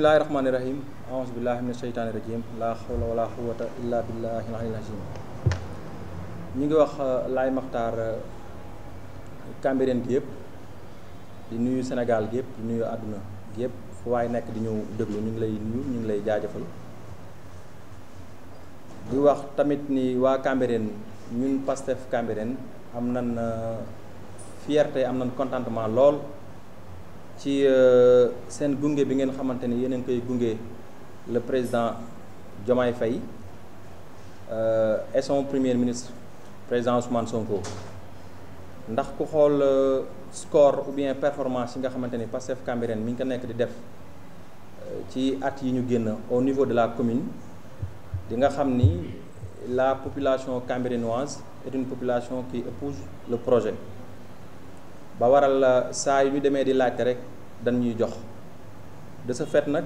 bismillahi rahmaani rahim ahousubillahi mina sheytaani rajim laa xawla wala ñu ngi wax euh, lay Makhtar euh, Cambérène gi yëpp di nuyu Sénégal gi yëpp di nuyu àdduna gi yëpp fu waay nekk di ñu déglu ñu ngi lay nuyu ñu ngi lay jaajëfal di wax tamit ni waa Cambérène ñun Pastef Cambérène am nan euh, fierté am nan contentement lool ci euh, seen gunge bi ngeen xamante ni yéen a koy gunge le président Diomaye fay euh, et son premier ministre président Ousmane Sonko ndax ku xool euh, score ou bien performance yi nga xamante ni Pastef Cambérène mi ngi ko nekk di def ci at yi ñu génn au niveau de la commune di nga xam ni la population cambérénoise et une population qui épouse le projet ba waral euh, saa yu ñu demee di laajte rek dañ ñuy jox de ce fait nag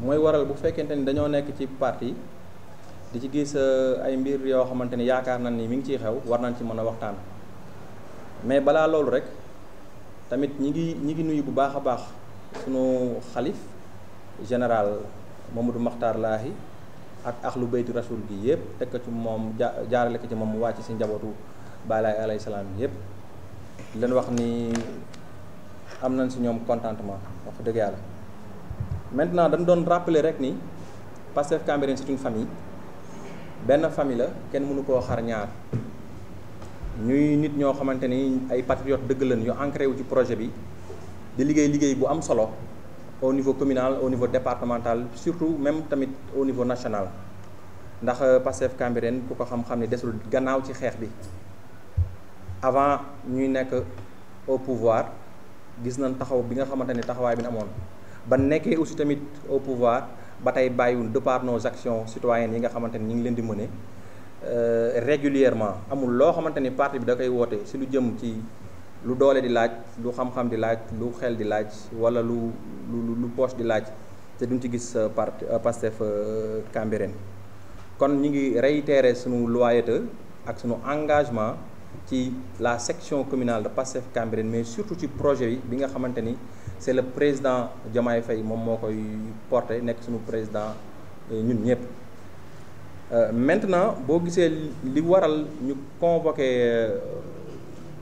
mooy waral bu fekkente ni dañoo nekk ci parti di ci gis euh, ay mbir yoo xamante ni yaakaar nañ ni mi ngi ciy xew war nañ ci mën a waxtaan mais balaa loolu rek tamit ñi ngi ñi ngi nuyu bu baax a baax sunu xalif général Mamadou Makhtar Laahi ak axlu bayti rasul bi yëpp teg ko ci moom jaarale ko ci moom mu wàcc si njabootu Baay Laay salaam yëpp. di leen wax ni am nañ si ñoom contentement wax dëgg yàlla maintenant dañ doon rappeler rek ni Pastef Cambérène c'est une famille benn famille la kenn mënu koo xar ñaar ñuy nit ñoo xamante ni ay patriotes dëgg lañ yu ancré wu ci projet bi di liggéey liggéey bu am solo au niveau communal au niveau départemental surtout même tamit au niveau national ndax Pastef Cambérène ku ko xam-xam ne desul gannaaw ci xeex bi avant ñuy nekk au pouvoir gis nañ taxaw bi nga xamante ne taxawaay bi na amoon ba nekkee aussi tamit au pouvoir ba tey bàyyi de par nos actions citoyennes yi nga xamante ne ñu ngi leen di mëne euh, régulièrement amul loo xamante ni parti bi da koy woote si lu jëm ci lu doole di laaj lu xam-xam di laaj lu xel di laaj wala lu lu lu poche di laaj te duñ ci gis euh, parti euh, Pastef Cambérène kon ñu ngi réitéré sunu loyauté ak sunu engagement ci la section communal de Pastef Cambérène mais surtout ci projet bi nga xamante ni c'est le président Diomaye fay moom moo koy porté nekk suñu président euh, ñun ñëpp euh, maintenant boo gisee li waral ñu convoqué euh,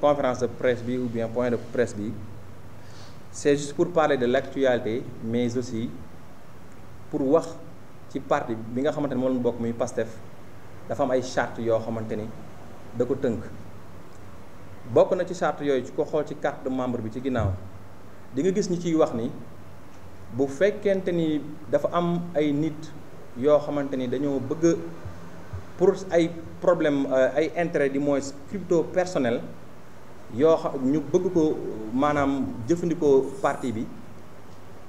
conférence de presse bi ou bien point de presse bi c'est juste pour parler de l'actualité mais aussi pour wax ci parti bi nga xamante ni moom la ñu bokk muy Pastef dafa am ay chartes yoo xamante ni da ko tënk bokk na ci charte yooyu ci ko xool ci carte de bi ci ginnaaw di nga gis ñi ciy wax ni bu fekkente ni dafa am ay nit yoo xamante ni dañoo bëgg pour ay problème euh, ay intérêt di mooy crypto personnel yoo xam ñu bëgg ko maanaam jëfandikoo parti bi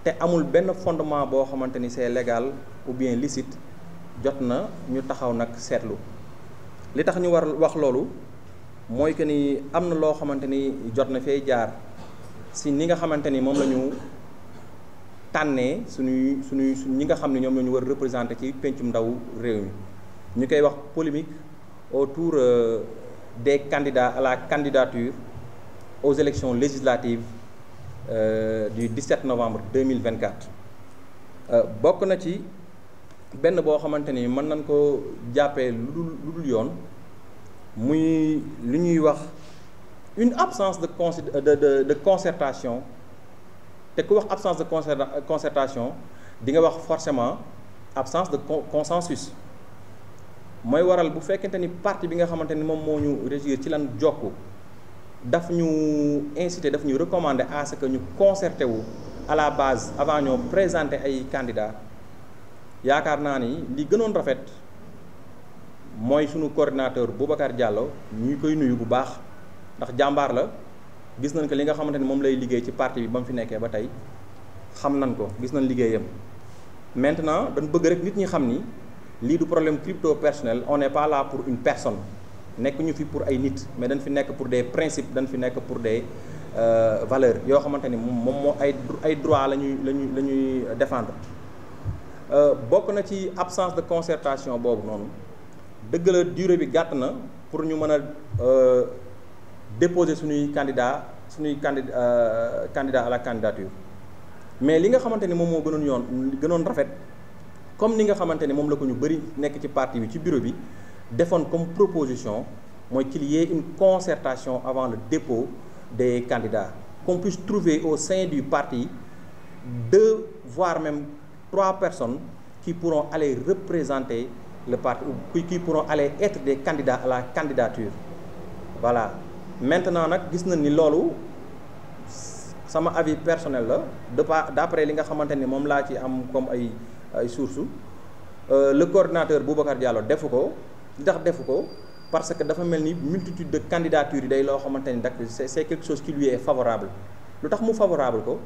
te amul benn fondement boo xamante ni c'est légal ou bien licite jot na ñu taxaw nag seetlu li tax ñu war wax loolu mooy que ni am na loo xamante ni jot na fee jaar si ñi nga xamante ni moom lañu ñu tànnee suñuy suñuy ñi nga xam ne ñoom la ñu war représenté ci pencum ndaw réew mi ñu koy wax polémique autour euh, des candidats à la candidature aux élections législatives euh, du 17 novembre 2024 euh, bokk na ci benn boo xamante ni mën nañ ko jàppee lu dul lu dul yoon muy lu ñuy wax une absence de con de de de concertation te ku wax absence de concertation di nga wax forcément absence de consensus mooy waral bu fekkente ni parti bi nga xamante ni moom moo ñu régir ci lan jokk daf ñu incité daf ñu recommander à que ñu concerté wu à la base avant ñoo présenter ay candidats yaakaar naa ni li gënoon rafet. mooy sunu coordinateur Boubacar Diallo ñu koy nuyu bu baax ndax jàmbaar la gis nañ ko li nga xamante ni moom lay liggéey ci parti bi ba mu fi nekkee ba tey xam nañ ko gis nañ liggéeyam maintenant dañ bëgg rek nit ñi xam ni lii du problème crypto personnel on n'est pas pour une personne nekk ñu fi pour ay nit mais dañ fi nekk pour des principes dañ fi nekk pour des euh, valeurs yoo xamante ni moom moo ay ay droit la ñuy la ñuy la ñuy défendre euh, bokk na ci absence de concertation boobu noonu dëgg la durée bi gàtt na pour ñu mën a euh, déposer suñuy candidat suñuy candi euh, candidat à la candidature mais li nga xamante ni moom moo gënoon yoon gënoon rafet comme li nga xamante ni moom la ko ñu bëri nekk ci parti bi ci bureau bi defoon comme proposition mooy qu'il une concertation avant le dépôt de candidats qu'on puisse trouver au sein du parti deux voire même trois personnes qui pour aller représenter le parti ou pour pourront aller être des candidats à la candidature voilà maintenant nag gis nañ ni loolu sama avis personnel la de pas d'après li nga xamante ni moom laa ci am comme ay ay sources euh, le coordinateur Boubacar Diallo defu ko li tax defu ko parce que dafa mel ni multitude de candidatures yi day loo xamante ni dak c'est quelque chose qui lui est favorable lu tax mu favorable ko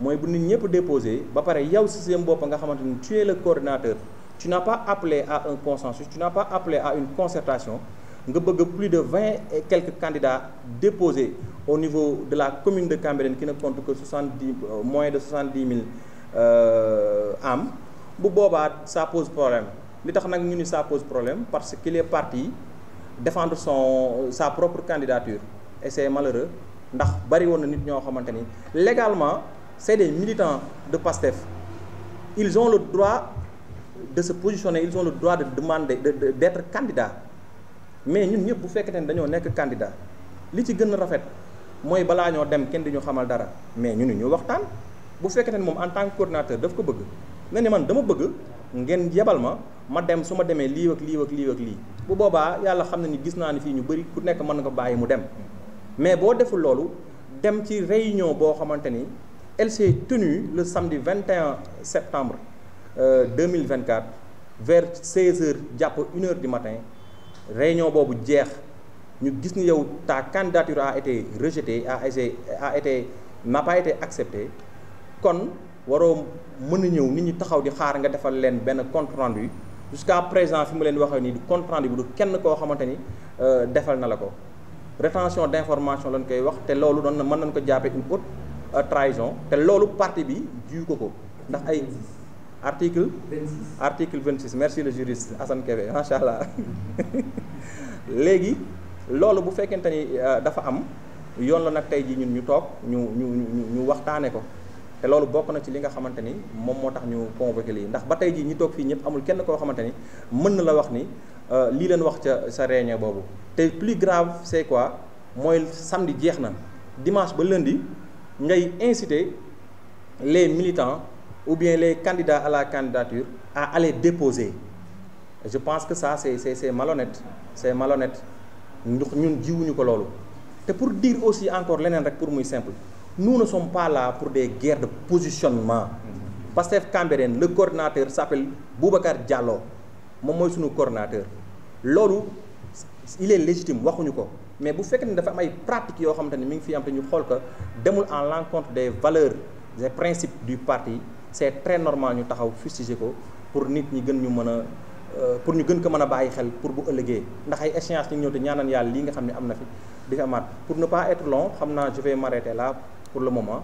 mooy bu nit ñëpp déposé ba pare yow si seen bopp nga xamante ni tu le coordinateur tu n'as pas appelé à un consensus tu n'as pas appelé à une concertation nga bëgg plus de vingt et quelques candidats déposés au niveau de la commune de Cambérène qui ne compte que soixante-dix euh, moins de soixante-dix mille am euh, bu boobaa ça pose problème li tax nag ñu ni ça pose problème parce que les partis défendre son euh, sa propre candidature et c'est malheureux ndax bari woon na nit ñoo xamante ni légalement c'est des militants de PASTEF ils ont le droit de se positionner il ont le droit de demande de d'être candidat mais ñun ñëpp bu fekkente ne dañoo nekk candidat li ci gën a rafet mooy balaa ñoo dem kenn di ñu xamal dara mais ñun ñu waxtaan bu fekkente ne moom en tant que coordinateur daf ko bëgg nga ne man dama bëgg ngeen yebal ma ma dem su ma demee lii ak lii ak lii ak lii bu boobaa yàlla xam na ni gis naa ni fii ñu bëri ku nekk mën na ko bàyyi mu dem mais boo deful loolu dem ci réunion boo xamante ni elle s'est tenue le samedi 21 septembre Euh, deux 2024 vers 16 heures jàpp une heure du matin réunion boobu jeex ñu gis ni yow ta candidature a été rejetée a été a été n'a pas kon waroo mën na ñëw nit ñi taxaw di xaar nga defal leen benn compte rendu jusqu'à présent fi mu leen waxee nii du compte rendu bi du kenn koo xamante ni euh, defal na la ko rétention d'information lañ koy wax te loolu doon na mën nañ ko jàppee une haute euh, trahison te loolu parti bi juu ko ko ndax ay article 26 article 26 merci le juriste Assane Kébé macha léegi loolu bu fekkente ni euh, dafa am yoon la nag tey jii ñun ñu toog ñu ñu ñu ñu waxtaane ko te loolu bokk na ci li nga xamante ni moom moo tax ñu convoqué yi ndax ba tey jii ñu toog fii ñëpp amul kenn koo xamante mën na la wax ni euh, lii leen wax ca sa réunion boobu te plus grave c'est quoi mooy samedi jeex na dimanche ba lundi ngay incité les militants ou bien les candidats à la candidature à aller déposé je pense que ça c'est c'est c'est malhonnête c'est malhonnête ndax ñu jiwuñu ko loolu te pour dire aussi encore leneen rek pour muy simple nous ne sommes pas pour des guerres de positionnement Pastef Cambérène le coordinateur s'appelle Boubacar Diallo moom mooy suñu coordinateur loolu il est légitime waxuñu ko mais bu fekkee ne dafa am ay pratiques yoo xamante ni mu ngi fi am te ñu xool ko demul en l'encontre des valeurs des principes du parti c'est très normal ñu taxaw fustiger ko pour nit ñi gën ñu mën a euh, pour ñu gën ko mën a bàyyi xel pour bu ëllëgee ndax ay échéances ñu ngi ñëw te ñaanal yàlla lii nga xam ne am na fi di fi pour ne pas être long xam naa je vais m'arrêter là pour le moment.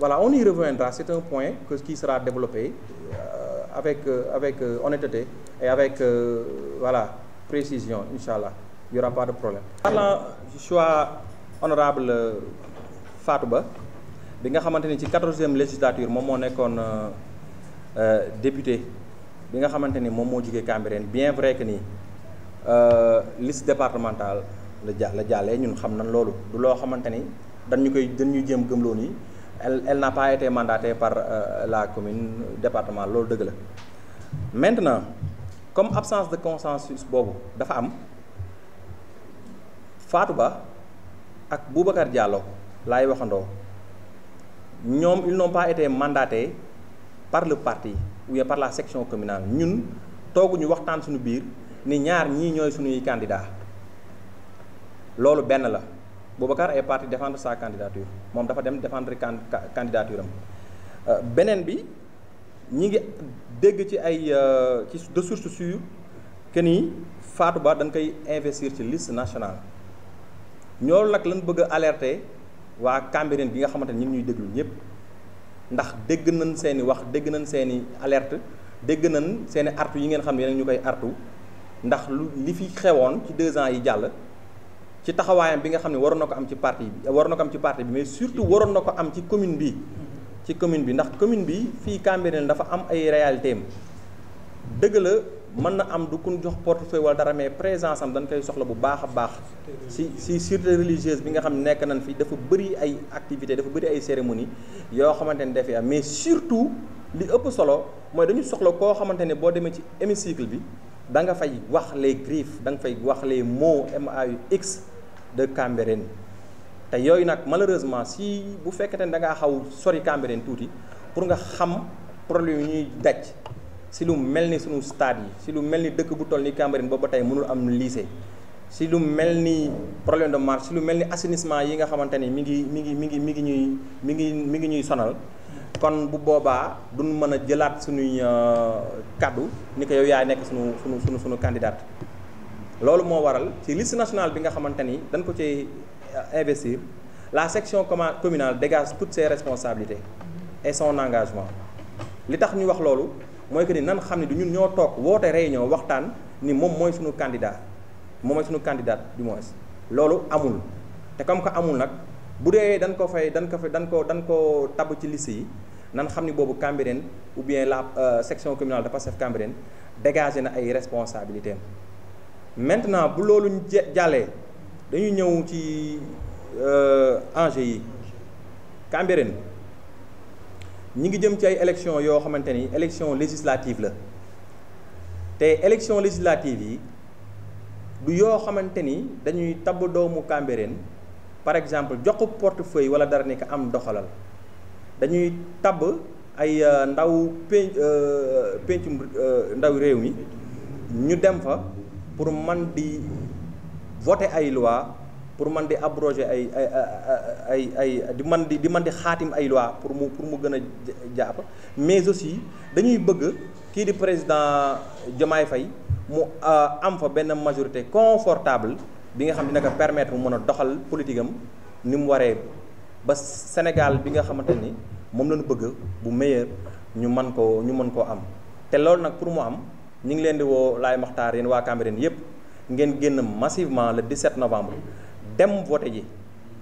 voilà on y reviendra c'est un point que qui sera développé euh, avec euh, avec euh, honnêteté et avec euh, voilà précision incha allah il y pas de problème. parlant choix honorable Fatou Ba bi nga xamante ni ci quatorzième législature moom moo nekkoon euh, euh, député bi nga xamante ni moom moo jógee Cambérène bien vrai que ni euh, list départementale la ja la ñun xam nañ loolu du loo xamante ni dañu koy ñu jéem gëmloo ni elle elle n'a pas été par la commune département loolu dëgg la maintenant comme absence de consensus boobu dafa am Fatou Ba ak Boubacar Diallo. laay waxandoo ñoom ils n'ont pas été mandatés par le parti ou par la section communale ñun tooguñu waxtaan suñu biir ni ñaar ñii ñooy suñuy candidat loolu benn la Boubacar est parti défendre sa candidature moom dafa dem défendre can candidature am euh, beneen bi ñi ngi dégg ci ay euh, ci de source sûre que ni Fatou Ba dañ koy investir ci liste nationale ñoolu nag lañ bëgg a waa Cambérène bi nga xamante ni ñu ngi ñuy déglu ñëpp ndax dégg nañ seeni wax dégg nañ seen i alerte dégg nañ seen i artu yi ngeen xam ne yéen ñu koy artu ndax lu li fi xewoon ci deux ans yi jàll ci taxawaayam bi nga xam ne waroon na ko am ci parti bi waroon na ko am ci parti bi mais surtout waroon na ko am ci commune bi ci commune bi ndax commune bi fii Cambérène dafa am ay réalité am la mën na am du kun jox portefeuille wala dara mais présence am dañ koy soxla bu baax a baax si si sûreté religieuse bi nga xam ne nekk nañ fii dafa bëri ay activité dafa bëri ay cérémonie yoo xamante ne dafay am mais surtout li ëpp solo mooy dañu soxla koo xamante ne boo demee ci hémicycle bi da nga fay wax les griefs danga fay wax les mots MAUX de Cambérène te yooyu nag malheureusement si bu fekkente ne da ngaa xaw sori Cambérène tuuti pour nga xam problème yi ñuy daj si lu mel ni sunu stade yi si lu mel ni dëkk bu toll ni Cambérène boobu ba tey mënul am lycée si lu mel ni problème de marche si lu mel ni assainissement yi nga xamante ni mi ngi mi ngi mi ngi mi ngi ñuy mi ngi mi ngi ñuy sonal kon bu boobaa duñ mën a jëlaat suñuy euh, kaddu ni ko yow yaa nekk sunu sunu sunu sunu candidate loolu moo waral ci liste nationale bi nga xamante ni dañ ko ci euh, investir la section communale dégage toutes ses responsabilités et son engagement li tax ñu wax loolu mooy que ni nan xam ne du ñun ñoo toog woote réunion waxtaan ni moom mooy suñu candidat moom mooy suñu candidat du moins loolu amul te comme que amul nag bu dee dañ ko fay dañ ko fay dañ ko dañ ko tabb ci liste yi nan xam ni boobu Cambérène ou bien la euh, section communale de Pastef Cambérène dégagé na ay responsabilités maintenant bu loolu jàllee dañuy ñëw ci euh, enjeu yi Cambérène ñu ngi jëm ci ay élection yoo xamante ni élection législative la te élection législative yi du yoo xamante ni dañuy tabb doomu Cambérène par exemple jox porte portefeuille wala dara ni ko am doxalal dañuy tab ay euh, ndaw pen euh, pencum euh, ndaw réew mi ñu dem fa pour man di voter ay loi pour man di abroger ay ay ay di man di di man di xaatim ay loi pour mu pour mu gën a jàpp mais aussi dañuy bëgg kii di président Diomaye fay mu euh, am fa benn majorité confortable bi nga xam dina ko permettre mu mën a doxal politique ni mu waree ba Sénégal bi nga xamante ni moom la ñu bëgg bu meilleur ñu mën koo ñu mën koo am te loolu nag pour mu am ñu ngi leen di woo laay maxtaar yéen waa Cambérène yépp ngeen génn massivement le 17 novembre dem vote ji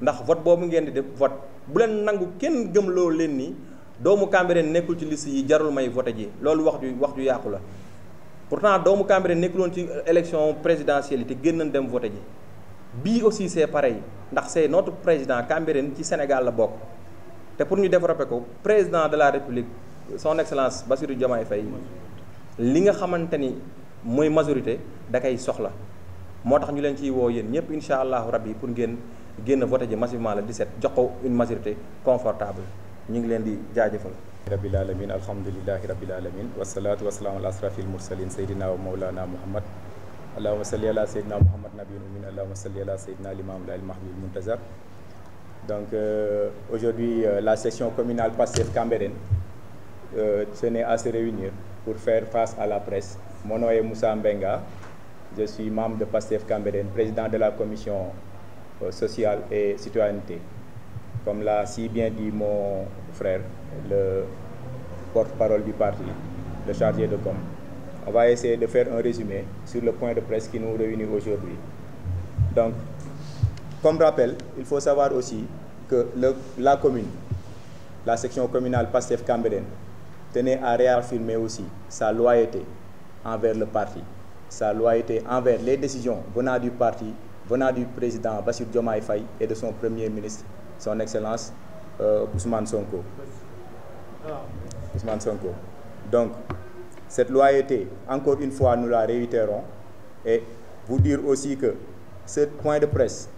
ndax vote boobu ngeen di def vote bu leen nangu kenn gëm loo leen ni doomu Cambérène nekkul ci liste yi jarul may vote ji loolu wax ju wax ju yàqu la pourtant doomu Cambérène nekkuloon ci élection présidentielle te génn nañ dem vote ji bii aussi c'est pareil ndax c'est nootu président Cambérène ci Sénégal la bokk te pour ñu développer ko président de la République son excellence Bassirou Diomaye Faye li nga xamante ni mooy majorité da koy soxla moo tax ñu leen ci woo yéen ñëpp incha allahu rabbi pour ngeen génn voté ji massivement le 17 jox ko une majorité confortable ñu ngi leen di jaajëfal rabbil alamin alhamdulilahi rabbil alamin wasalaatu wasalaamu ala asrafil mursalin saydina wa maulana muhammad allahuma salli ala saydina muhammad nabiyyil ummin allahuma salli ala saydina limaam lail mahmil muntazar donc euh, aujourd'hui euh, la session communale Pastef Cambérène euh, tenait à se réunir pour faire face à la presse mon nom est Moussa Mbenga Je suis membre de PASTEF Cambérène, président de la commission euh, sociale et citoyenneté. Comme l'a si bien dit mon frère, le porte-parole du parti, le chargé de comme On va essayer de faire un résumé sur le point de presse qui nous réunit aujourd'hui. Donc, comme rappel, il faut savoir aussi que le, la commune, la section communale PASTEF Cambérène, tenait à réaffirmer aussi sa loyauté envers le parti sa loyauté envers les décisions venant du parti, venant du président Bassir Diomaye Faye et de son premier ministre, son excellence euh, Ousmane Sonko. Sonko. Donc, cette loyauté, encore une fois, nous la réitérons et vous dire aussi que ce point de presse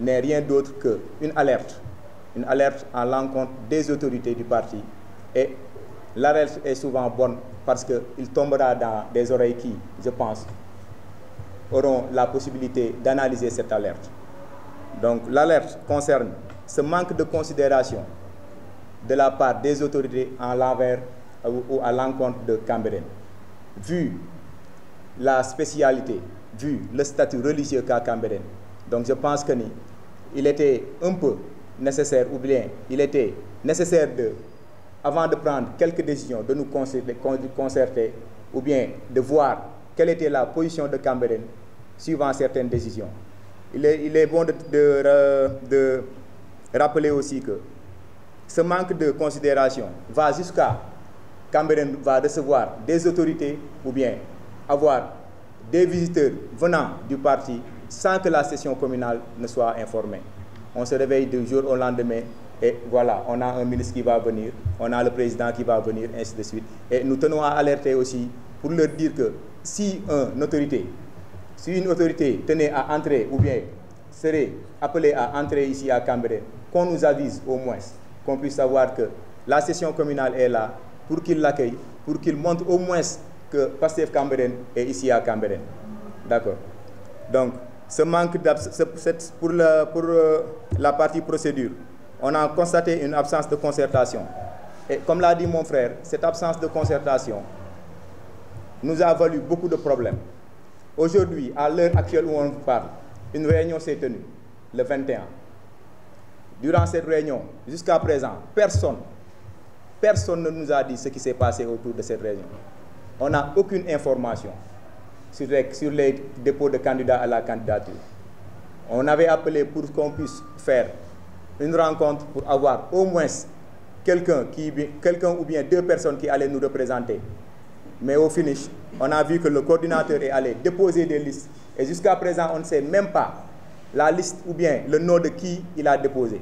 n'est rien d'autre qu'une alerte, une alerte à l'encontre des autorités du parti et l'arrêt est souvent bonne parce qu'il tombera dans des oreilles qui, je pense, auront la possibilité d'analyser cette alerte. Donc l'alerte concerne ce manque de considération de la part des autorités en l'envers ou à l'encontre de Cambérène. Vu la spécialité, vu le statut religieux qu'a Cambérène, donc je pense que il était un peu nécessaire ou bien il était nécessaire de avant de prendre quelques décisions, de nous concerter, concerter ou bien de voir quelle était la position de Cambérène suivant certaines décisions. Il est, il bon de, de, euh, de rappeler aussi que ce manque de considération va jusqu'à Cambérène va recevoir des autorités ou bien avoir des visiteurs venant du parti sans que la session communale ne soit informée. On se réveille du jour au lendemain Et voilà, on a un ministre qui va venir, on a le président qui va venir, ainsi de suite. Et nous tenons à alerter aussi pour leur dire que si une autorité, si une autorité tenait à entrer ou bien serait appelée à entrer ici à Cambrai, qu'on nous avise au moins, qu'on puisse savoir que la session communale est là pour qu'il l'accueille, pour qu'il montre au moins que Pastef Camberen est ici à Camberen. D'accord. Donc, ce manque d ce, pour, la, pour euh, la partie procédure, on a constaté une absence de concertation. Et comme l'a dit mon frère, cette absence de concertation nous a valu beaucoup de problèmes. Aujourd'hui, à l'heure actuelle où on parle, une réunion s'est tenue, le Durant cette réunion, jusqu'à présent, personne, personne ne nous a dit ce qui s'est passé autour de cette réunion. On n'a aucune information sur sur les dépôts de candidats à la candidature. On avait appelé pour qu'on puisse faire une rencontre pour avoir au moins quelqu'un qui quelqu'un ou bien deux personnes qui allaient nous représenter mais au finish on a vu que le coordinateur est allé déposer des listes et jusqu'à présent on ne sait même pas la liste ou bien le nom de qui il a déposé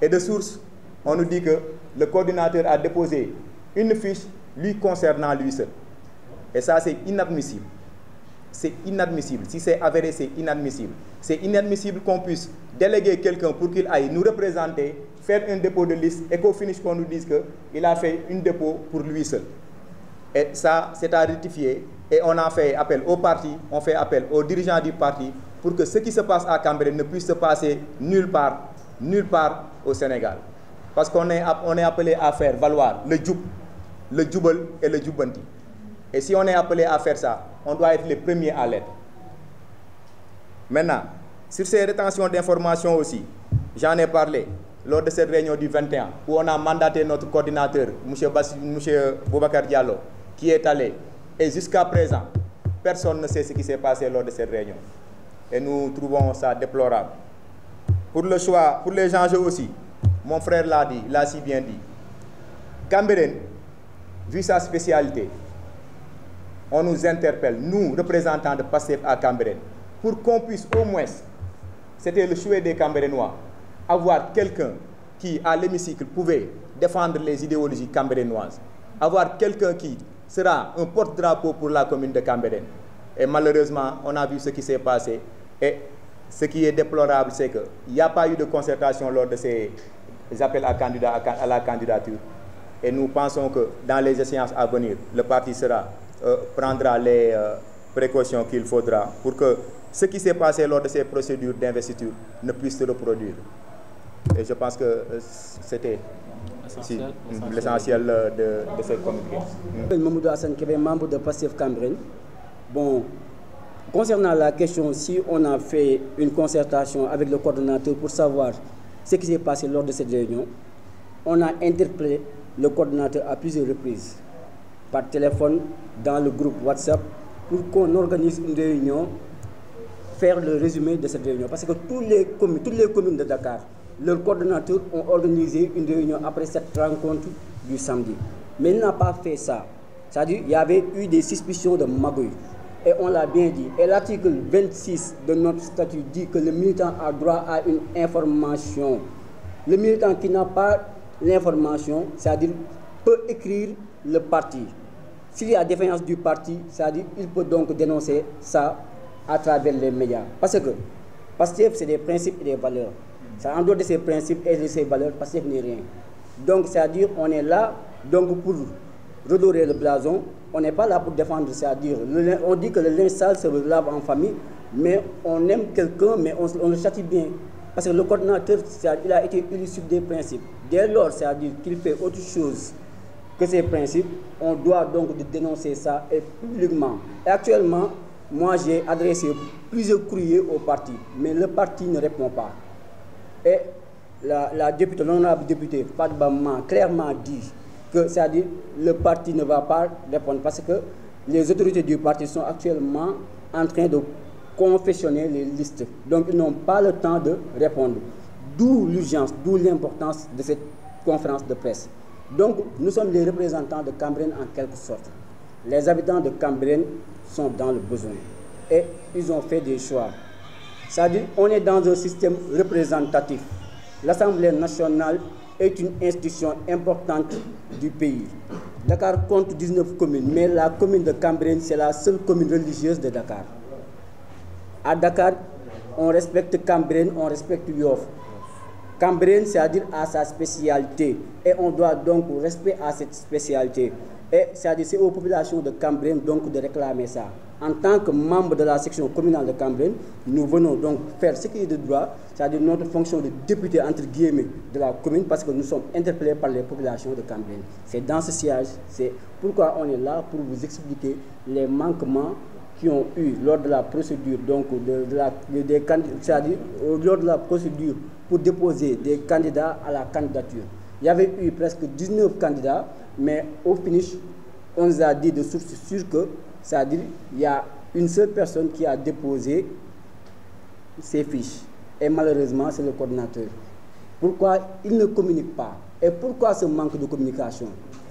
et de source on nous dit que le coordinateur a déposé une fiche lui concernant lui seul et ça c'est inadmissible c'est inadmissible. Si c'est avéré, c'est inadmissible. C'est inadmissible qu'on puisse déléguer quelqu'un pour qu'il aille nous représenter, faire un dépôt de liste et qu'au finish qu'on nous dise a fait une dépôt pour lui Et ça, c'est à rectifier. Et on a fait appel au parti, on fait appel aux dirigeants du parti pour que ce qui se passe à Cambérène ne puisse se passer nulle part, nulle part au Sénégal. Parce qu'on est, on est appelé à faire valoir le djoub, le djoubel et le Et si on est appelé à faire ça, on doit être les premiers à l'être. Maintenant, sur ces rétentions d'informations aussi, j'en ai parlé lors de cette réunion du 21, où on a mandaté notre coordinateur, M. Bassi, M. Boubacar Diallo, qui est allé. Et jusqu'à présent, personne ne sait ce qui s'est passé lors de cette réunion. Et nous trouvons ça déplorable. Pour le choix, pour les enjeux aussi, mon frère l'a dit, l'a si bien dit. Cambérène, vu sa spécialité, on nous interpelle, nous, représentants de PASTEF à Cambérène, pour qu'on puisse au moins, c'était le souhait des Cambérénois, avoir quelqu'un qui, à l'hémicycle, pouvait défendre les idéologies cambérénoises, avoir quelqu'un qui sera un porte-drapeau pour la commune de Cambérène. Et malheureusement, on a vu ce qui s'est passé. Et ce qui est déplorable, c'est qu'il n'y a pas eu de concertation lors de ces appels à, la candidature. Et nous pensons que dans les échéances à venir, le parti Euh, prendra les euh, précautions qu'il faudra pour que ce qui s'est passé lors de ces procédures d'investiture ne puisse se reproduire. Et je pense que euh, c'était l'essentiel mm, de, de ce communiqué. Mm. Mamoudou Hassan Kébé, membre de PASSEF Cameroun. Bon, concernant la question, si on a fait une concertation avec le coordinateur pour savoir ce qui s'est passé lors de cette réunion, on a interpellé le coordinateur à plusieurs reprises. par téléphone dans le groupe WhatsApp pour qu'on organise une réunion, faire le résumé de cette réunion. Parce que toutes les communes, toutes les communes de Dakar, leurs coordonnateurs ont organisé une réunion après cette rencontre du samedi. Mais il n'a pas fait ça. C'est-à-dire qu'il y avait eu des suspicions de magouille. Et on l'a bien dit. Et l'article 26 de notre statut dit que le militant a droit à une information. Le militant qui n'a pas l'information, c'est-à-dire peut écrire le parti. S'il y a défaillance du parti, c'est-à-dire il peut donc dénoncer ça à travers les médias. Parce que PASTEF, c'est des principes et des valeurs. C'est en dehors de ces principes et de ces valeurs, PASTEF n'est rien. Donc, c'est-à-dire on est là donc pour redorer le blason. On n'est pas là pour défendre, c'est-à-dire on dit que le linge se lave en famille, mais on aime quelqu'un, mais on, on, le châtie bien. Parce que le coordinateur, il a été élu des principes. Dès lors, c'est-à-dire qu'il que ces principes. On doit donc dénoncer ça et publiquement. Et actuellement, moi j'ai adressé plusieurs courriers au parti, mais le parti ne répond pas. Et la, la députée, l'honorable députée Fatba m'a clairement dit que cest le parti ne va pas répondre parce que les autorités du parti sont actuellement en train de confectionner les listes. Donc ils n'ont pas le temps de répondre. D'où l'urgence, d'où l'importance de cette conférence de presse. Donc, nous sommes les représentants de Cambren en quelque sorte. Les habitants de Cambren sont dans le besoin et ils ont fait des choix. cest dire on est dans un système représentatif. L'Assemblée nationale est une institution importante du pays. Dakar compte 19 communes, mais la commune de Cambren, c'est la seule commune religieuse de Dakar. À Dakar, on respecte Cambren, on respecte Yoff. Cambérène, c'est-à-dire à sa spécialité. Et on doit donc respect à cette spécialité. Et c'est-à-dire c'est aux populations de Cambérène donc de réclamer ça. En tant que membre de la section communale de Cambérène, nous venons donc faire ce qui est de droit, c'est-à-dire notre fonction de député entre guillemets de la commune parce que nous sommes interpellés par les populations de Cambérène. C'est dans ce siège, c'est pourquoi on est là pour vous expliquer les manquements qui ont eu lors la procédure donc des cest à euh, la procédure pour déposer des candidats à la candidature. Il y avait eu presque 19 mais au finish, on nous a de source sûre que, cest à y une seule personne qui a déposé ses fiches. Et malheureusement, c'est le coordinateur. Pourquoi il ne communique pas Et pourquoi ce manque de communication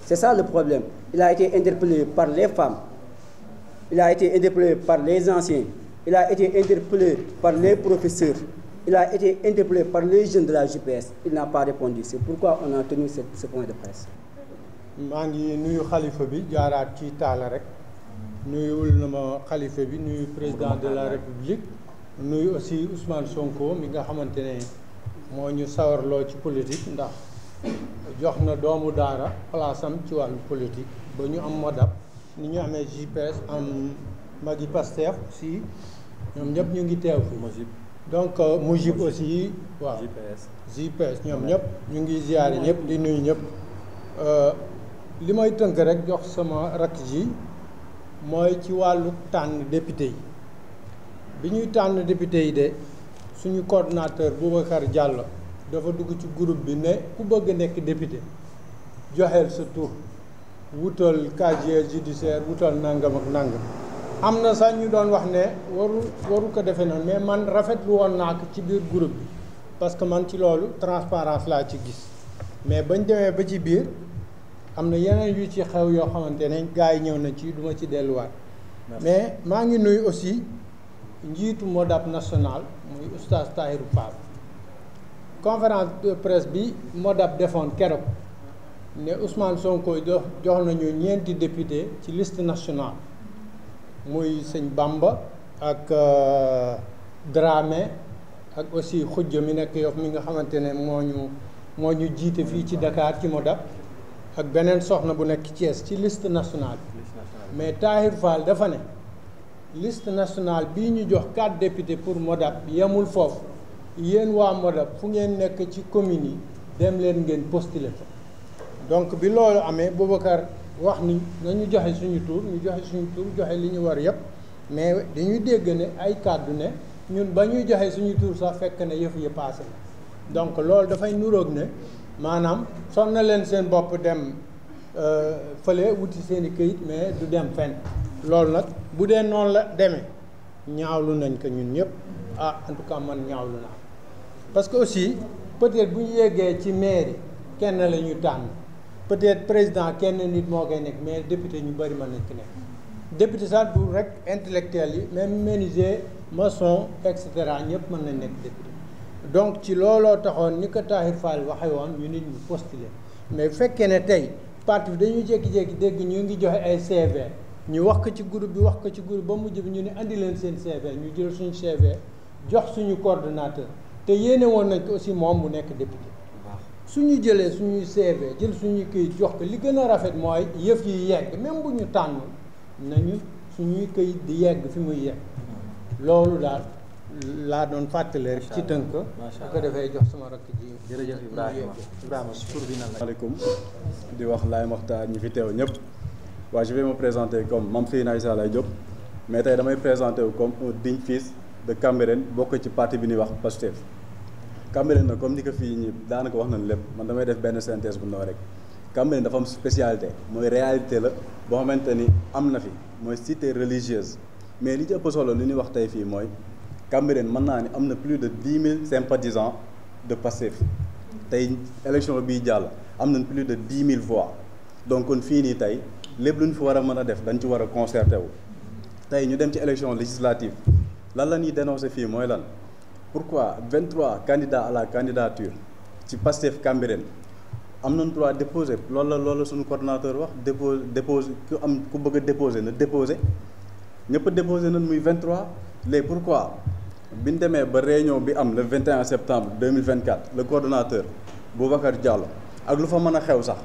C'est ça le problème. Il a par les femmes, il a été interpellé par les anciens, il a été interpellé par les professeurs, il a été interpellé par les jeunes de la GPS. Il n'a pas répondu. C'est pourquoi on a tenu ce, ce point de presse. maa ngi nuyu xalifa bi jaaraat ci taala rek nuyuwul na ma xalifa bi nuyu président de la république nuyu aussi Ousmane Sonko mi nga xamante ne moo ñu sawarloo ci politique ndax jox na doomu daara palaasam ci wàllu politique ba ñu am ma dab ni ñu amee JPS am magi Pastef aussi ñoom ñëpp ñu ngi teew fi donc euh, Mujib aussi waaw JPS ñoom ñëpp ñu ngi ziyaare ñëpp di nuyu ñëpp euh, li may tënk rek jox sama rakk ji mooy ci wàllu tànn député yi bi ñuy tànn député yi de suñu coordinateur coordonnateur Boubacar Diallo dafa dugg ci groupe bi ne ku bëgg nekk député joxeel sa tur wutal casier judiciaire wutal nangam ak nangam am na sax ñu doon wax ne waru waru ko defee noonu mais man rafetlu woon naa ko ci biir group bi parce que man ci loolu transparence laa ci gis mais bañ demee ba ci biir am na yeneen yu ci xew yoo xamante ne gars yi ñëw na ci duma ci delluwaat mais maa ngi nuyu aussi njiitu modab national muy oustaz Tahirou Pape conférence de presse bi modab defoon keroog ne Ousmane Sonko jox jox nañu ñeenti député ci liste nationale muy sëñ Bamba ak euh, Dramé ak aussi xujja mi nekk yof mi nga xamante ne moo ñu moo ñu jiite fii ci Dakar ci Modap ak beneen soxna bu nekk Thiès ci liste nationale mais Tahir Fall dafa ne liste nationale bii ñu jox quatre députés pour Modap yemul foofu yéen waa Modap fu ngeen nekk ci commune yi dem leen ngeen postuler fa donc bi loolu amee Boubacar wax ni nañu joxe suñu tur ñu joxe suñu tur joxe li ñu war yëpp mais dañuy dégg ne ay kàddu ne ñun ba ñuy joxe suñu tur sax fekk ne yëf yi paase na donc loolu dafay nuroog ne maanaam sonn na leen seen bopp dem euh, fële wuti seen i këyit mais du dem fenn loolu nag bu dee noonu la demee ñaawlu nañ ko ñun ñëpp ah en tout cas man ñaawlu naa parce que aussi peut-être bu ñu yeggee ci mairie kenn la ñu tànn. peut-être président kenn nit moo koy nekk mais député ñu bëri mën nañ ko nekk député sax du rek intellectuel yi même menuisier maçon et ñëpp mën nañ nekk député donc ci looloo taxoon ni ko Tahir Fall waxee woon ñu nit ñu postulé mais fekkee ne tey parti bi dañu jékki-jékki dégg ñu ngi joxe ay CV ñu wax ko ci groupe bi wax ko ci groupe ba mujj bi ñu ne andi leen seen CV ñu jël suñu CV jox suñu coordonnateur te yéene woon nañ ko aussi moom mu nekk député suñu jëlee suñuy CV jël suñuy këyit jox ko li gën a rafet mooy yëf yi yegg même bu ñu tànn nañu suñuy këyit di yegg fi muy yegg loolu daal laa doon fàttali rek ci tënk bu ko defee jox sama rakk ji jërëjëf Ibrahima Ibrahima suur bi nan la aleykum di wax laay maxtaar ñi fi teew ñëpp waa je vais me présenter comme Mame Seydina Issa Laye Diop mais tey damay présenter wu comme un digne fils de Cambérène bokk ci parti bi nuy wax Pastef Cambérène nag comme ni ko fii ñi daanaka wax nañ lépp man damay def benn synthèse bu ndaw rek Cambérène dafa am spécialité mooy réalité la boo xamante ni am na fi mooy cité religieuse mais li ci solo li ñuy wax tey fii mooy Cambérène mën naa ni am na plus de dix mille sympathisants de Pastef tey élection bii jàll am nañ plus de dix mille voix donc kon fii nii tey lépp lu ñu fi war a mën a def dañ ci war a concerté wu tey ñu dem ci élection législative lan la ñuy dénoncé fii mooy lan pourquoi 23 candidats à la candidature ci Pastef Cambérène am nañ droit déposer loolu la lool la suñu coordonnateur wax dépose dépose ku am ku bëgg déposé na déposé ñëpp déposé déposer nañ muy 23 léegi pourquoi bi ñu demee ba réunion bi am la le 21 septembre la le coordonnateur Boubacar Diallo ak lu fa mën a xew sax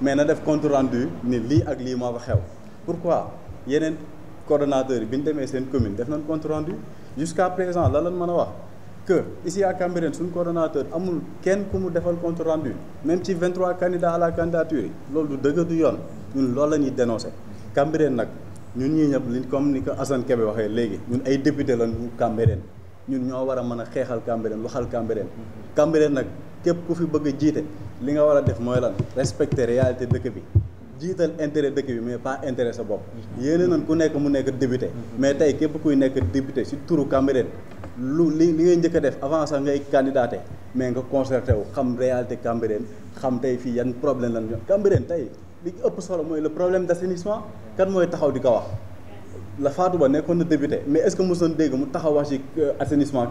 mais na def compte rendu ni lii ak lii moo fa xew pourquoi yeneen coordonnateur yi bi ñu demee seen commune def nañ compte rendu jusqu'à la lañ mën a wax. que ici à Cambérène suñu coordonnateur amul kenn ku mu defal compte rendu même ci 23 candidats à la candidature yi loolu du dëgg du yoon ñun loolu la ñuy dénoncé Cambérène nag ñun ñii ñëpp li comme ni ko Assane Kébé waxee léegi ñun ay député la ñu Cambérène ñun ñoo war a mën a xeexal Cambérène waxal Cambérène Cambérène nag képp ku fi bëgg a jiite li nga war a def mooy lan respecter réalité dëkk bi jiital intérêt dëkk bi mais pas intérêt sa bopp yéene nañ ku nekk mu nekk député mais tey képp kuy nekk député si turu Cambérène lu li li ngay njëkk a def avant sax ngay candidaté mais nga concerté wu xam réalité Cambérène xam tey fii yan problème lan ñoom Cambérène tey li ëpp solo mooy la problème d' assainissement kan mooy taxaw di ko wax la Fatou Ba nekkoon na député mais est ce que mosoon dégg mu taxaw wax ci euh, assainissement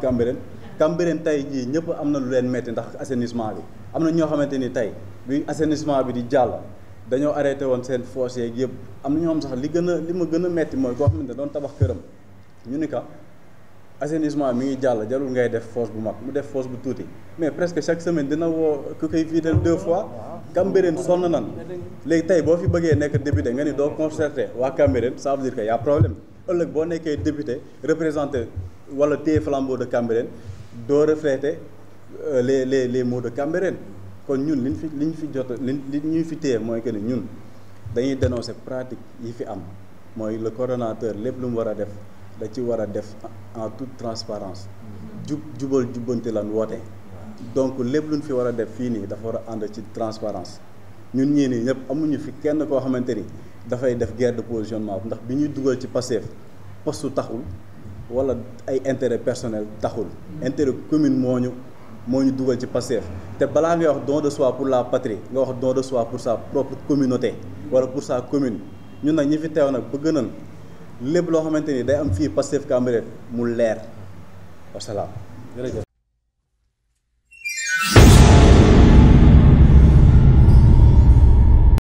Cambérène tey jii ñëpp am na lu leen metti ndax assainissement bi am na ñoo xamante ni tey bi assainissement bi di jàll dañoo arrêté woon seen fosse yeeg yëpp am na ñoo xam sax li gën a li ma gën a metti mooy koo xamante ne doon tabax këram ñu ni ka assainissement mi ngi jàll jarul ngay def fosse bu mag mu def fosse bu tuuti mais presque chaque semaine dina woo ku koy vider deux fois Cambérène sonn nan léegi tey boo fi bëggee nekk député nga ni doo concerté waa Cambérène ça veut dire que ëllëg boo nekkee député représenté wala téye flambeau de Cambérène doo refléter euh, les les les mots de Cambérène kon ñun liñ fi li ñu fi jot li li ñuy fi téye mooy que ni ñun dañuy dénoncer pratique yi fi am mooy le coordonnateur lépp lu mu war a def da ci war a def en tout transparence jub jubal jubbante lan woote donc lépp luñ fi war a def fii nii dafa war a ànd ci transparence ñun ñii nii ñëpp amuñu fi kenn koo xamante ni dafay def guerre de positionnement ndax bi ñuy dugal ci Pastef postu taxul wala ay intérêt personnel taxul intérêt commune moo ñu moo ñu dugal ci Pastef te balaa ngay wax don de soi pour la patrie nga wax don soi pour sa propre communauté wala pour sa commune ñun nag ñi fi teew nag bëgg nañ lépp loo xamante ni day am fii Pastef Cambérène mu leer wasalaam jërëjëf